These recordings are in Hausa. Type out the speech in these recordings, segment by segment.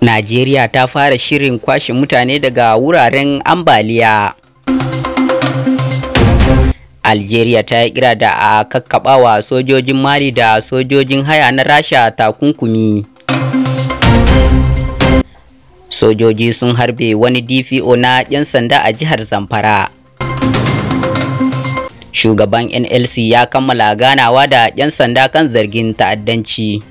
Najeriya ta fara shirin kwashe mutane daga wuraren ambaliya. Algeria ta yi kira da a kakkabawa sojojin Mali da sojojin haya na Rasha takunkumi. Sojoji sun harbe wani DPO na 'yan sanda a jihar Zamfara. Shugaban NLC ya kammala ganawa da 'yan sanda kan zargin ta'addanci.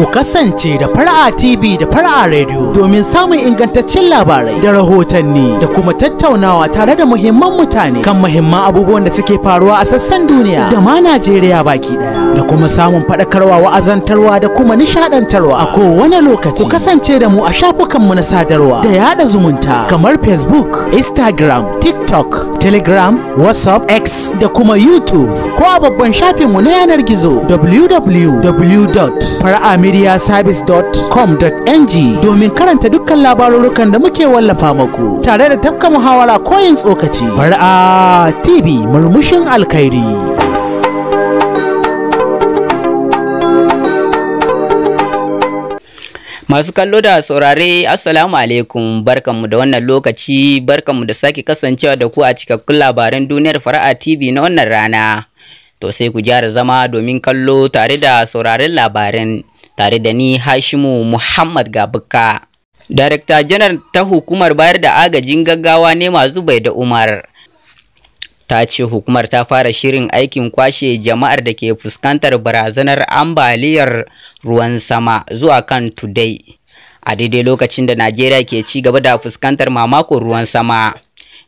ku kasance da fara'a TV da fara'a Radio domin samun ingantaccen labarai da rahotanni da kuma tattaunawa tare da muhimman mutane kan muhimman abubuwan da suke faruwa a sassan duniya da ma Najeriya baki daya da kuma samun faɗakarwa wa'azantarwa da kuma nishaɗantarwa a kowane lokaci ku kasance da mu a shafukanmu na sadarwa da yaɗa zumunta kamar Facebook, Instagram, TikTok, Telegram, WhatsApp, X da kuma YouTube ko a babban shafinmu na yanar gizo www.fara'a mediaservice.com.ng domin karanta dukkan labarurukan da muke wallafa muku tare da tafka muhawara koyin tsokaci bar'a tv murmushin alkhairi Masu kallo da saurare Assalamu alaikum barkanmu da wannan lokaci barkanmu da sake kasancewa da ku a cikakkun labaran duniyar fara'a TV na wannan rana. To sai ku gyara zama domin kallo tare da sauraren labaran. tare da ni Hashimu Muhammad Gabuka. Darekta janar ta hukumar bayar da agajin gaggawa ne masu bai da Umar. Ta ce hukumar ta fara shirin aikin kwashe jama'ar da ke fuskantar barazanar ambaliyar ruwan sama zuwa kan Today. A daidai lokacin da Najeriya ke ci gaba da fuskantar mamakon ruwan sama.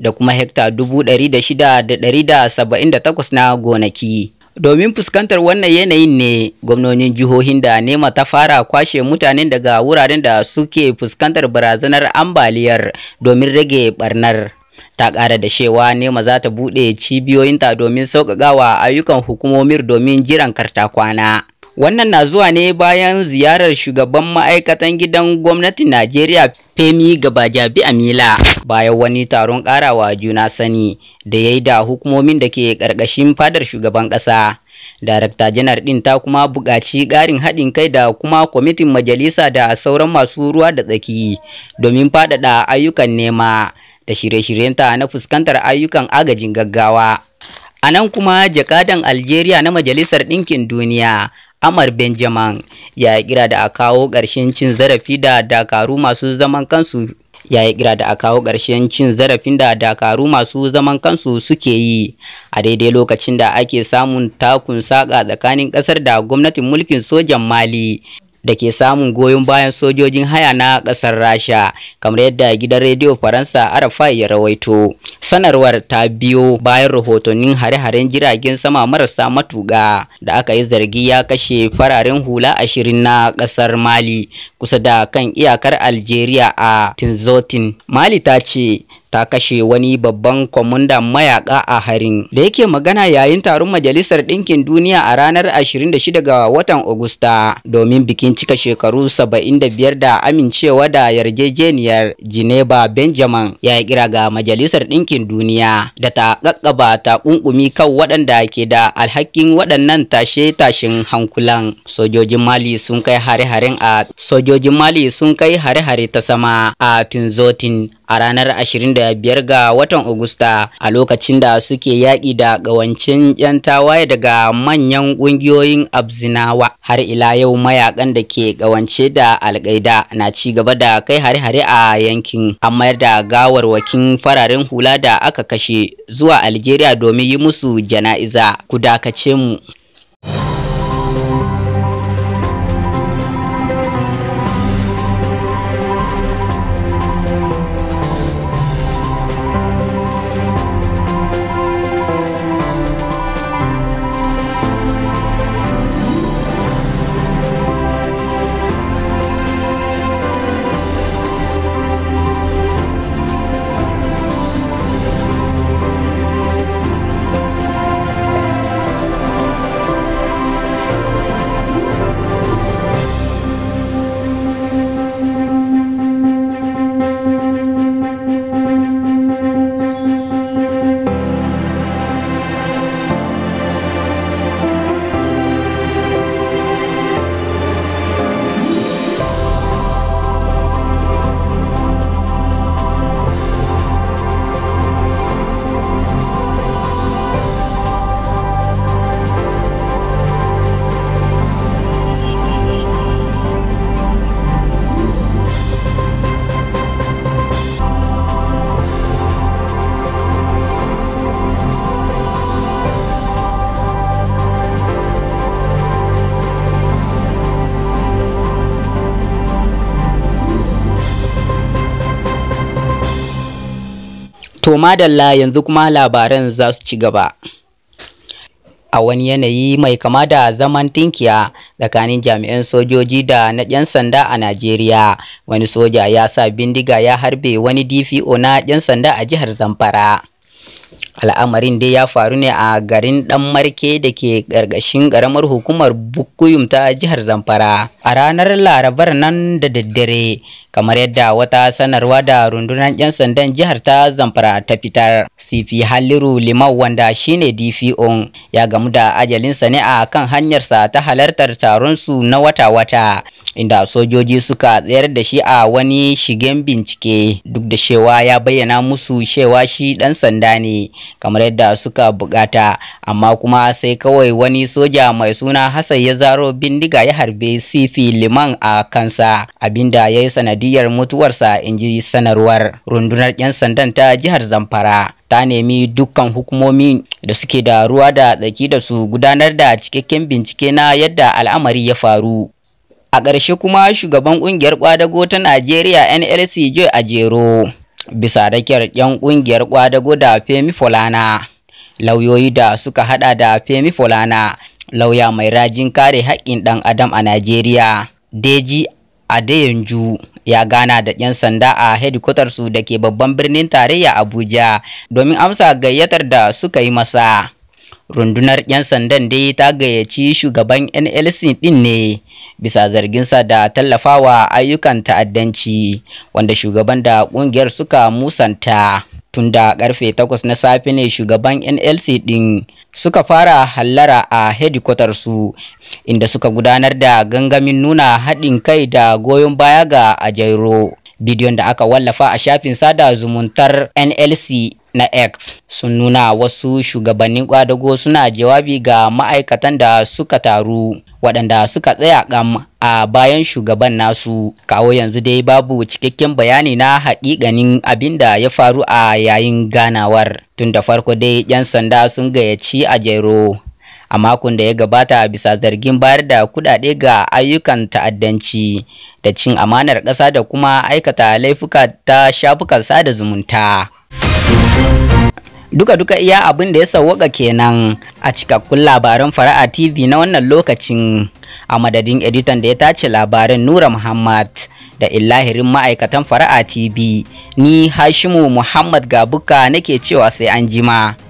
da kuma hekta dubu ɗari da shida da ɗari da saba'in da takwas na gonaki. Domin fuskantar wannan yanayin ne gwamnonin jihohin da nema ta fara kwashe mutanen daga wuraren da suke fuskantar barazanar ambaliyar domin rage barnar. ta ƙara da cewa nema za ta buɗe cibiyoyinta domin sauƙaƙawa ayyukan hukumomin domin jiran karta Wannan na zuwa ne bayan ziyarar shugaban ma'aikatan gidan gwamnatin Najeriya Femi Gabajabi Amila bayan wani taron karawa juna sani da ya yi da hukumomin da ke ƙarƙashin fadar shugaban ƙasa. Darakta janar din ta kuma buƙaci ƙarin haɗin kai da kuma kwamitin majalisa da sauran masu ruwa da tsaki domin faɗaɗa ayyukan nema da shirye-shiryenta na fuskantar ayyukan agajin gaggawa. A nan kuma jakadan Algeria na Majalisar Ɗinkin Duniya Amar Benjamin ya yi kira da a kawo ƙarshen cin zarafi da dakaru masu zaman kansu ya yi kira da a kawo ƙarshen cin zarafin da dakaru masu zaman kansu suke yi a daidai lokacin da ake samun takun saƙa tsakanin ƙasar da gwamnatin mulkin sojan mali da ke samun goyon bayan sojojin haya na ƙasar rasha kamar yadda gidan rediyo faransa arafa ya rawaito sanarwar ta biyo bayan rahotonin hare-haren jiragen sama marasa matuga da aka yi zargi ya kashe fararen hula ashirin na ƙasar mali kusa da kan iyakar algeria a tinzotin mali ta ce ta kashe wani babban kwamandan mayaka a harin da yake magana yayin taron majalisar ɗinkin duniya a ranar 26 ga watan Agusta domin bikin cika shekaru 75 da amincewa da yarjejeniyar Geneva Benjamin ya kira ga majalisar ɗinkin duniya da ta ƙaƙƙaba ta ƙunƙumi kan waɗanda ke da alhakin waɗannan tashe tashin hankulan. Sojojin Mali sun kai hare-haren a sojojin Mali sun kai hare-hare ta sama a Tinzotin a ranar 20 da biyar ga watan Agusta a lokacin da suke yaƙi da ƙawancin 'yan tawaye daga manyan ƙungiyoyin Abzinawa har ila yau mayakan da ke ƙawance da alƙaida na ci gaba da kai hare-hare a yankin an mayar da gawarwakin fararen hula da aka kashe zuwa Algeria domin yi musu jana'iza ku dakace mu To madalla yanzu kuma labaran za su ci gaba. A wani yanayi mai kama da zaman tinkiya tsakanin jami'an sojoji da na 'yan sanda a Najeriya, wani soja ya sa bindiga ya harbe wani DPO na 'yan sanda a jihar Zamfara. al'amarin dai ya faru ne a garin dan marke da ke gargashin karamar hukumar bukuyum ta jihar zamfara a ranar larabar nan da daddare kamar yadda wata sanarwa da rundunar 'yan sandan jihar ta zamfara ta fitar cp halliru limau wanda shine dpo ya gamu da ajalinsa ne a kan hanyarsa ta halartar taron su na wata-wata inda sojoji suka tsayar da shi a wani shigen bincike duk da shewa ya bayyana musu shewa shi dan sanda ne kamar yadda suka bukata amma kuma sai kawai wani soja mai suna hassan ya zaro bindiga ya harbe sifi liman a kansa abinda ya yi sanadiyar mutuwarsa in ji sanarwar rundunar 'yan sandan ta jihar zamfara ta nemi dukkan hukumomi da suke da ruwa da tsaki da su gudanar da cikakken bincike na yadda al'amari ya faru a ƙarshe kuma shugaban ƙungiyar ƙwadago ta najeriya nlc joy ajero bisa da 'yan ƙungiyar ƙwadago da femi folana lauyoyi da suka hada da femi folana lauya mai rajin kare haƙƙin ɗan adam a najeriya deji adeyanju ya gana da 'yan sanda a su da ke babban birnin tarayya abuja domin amsa gayyatar da suka yi masa rundunar 'yan sandan dai ta gayyaci shugaban nlc din ne bisa zarginsa da tallafawa ayyukan ta'addanci wanda shugaban da kungiyar suka musanta Tunda da karfe 8 na safe ne shugaban nlc din suka fara hallara a hedikwatar su inda suka gudanar da gangamin nuna haɗin kai da goyon baya ga ajairo bidiyon da aka wallafa a shafin sada zumuntar nlc na X sun nuna wasu shugabannin kwadago suna jawabi ga ma'aikatan da suka taru waɗanda suka tsaya kam a bayan shugaban nasu kawo yanzu dai babu cikakken bayani na haƙiƙanin abin da ya faru a yayin ganawar tun da farko dai 'yan sanda sun gayyaci a jero a makon da ya gabata bisa zargin bayar da kudade ga ayyukan ta'addanci da cin amanar ƙasa da kuma aikata laifuka ta shafukan sada zumunta. Duka-duka iya abin da ya sauwaka kenan a cikakkun labaran fara'a TV na wannan lokacin a madadin editan da ya tace labaran Nura Muhammad da illahirin ma'aikatan fara'a TV ni Hashimu Muhammad Gabuka nake cewa sai an jima.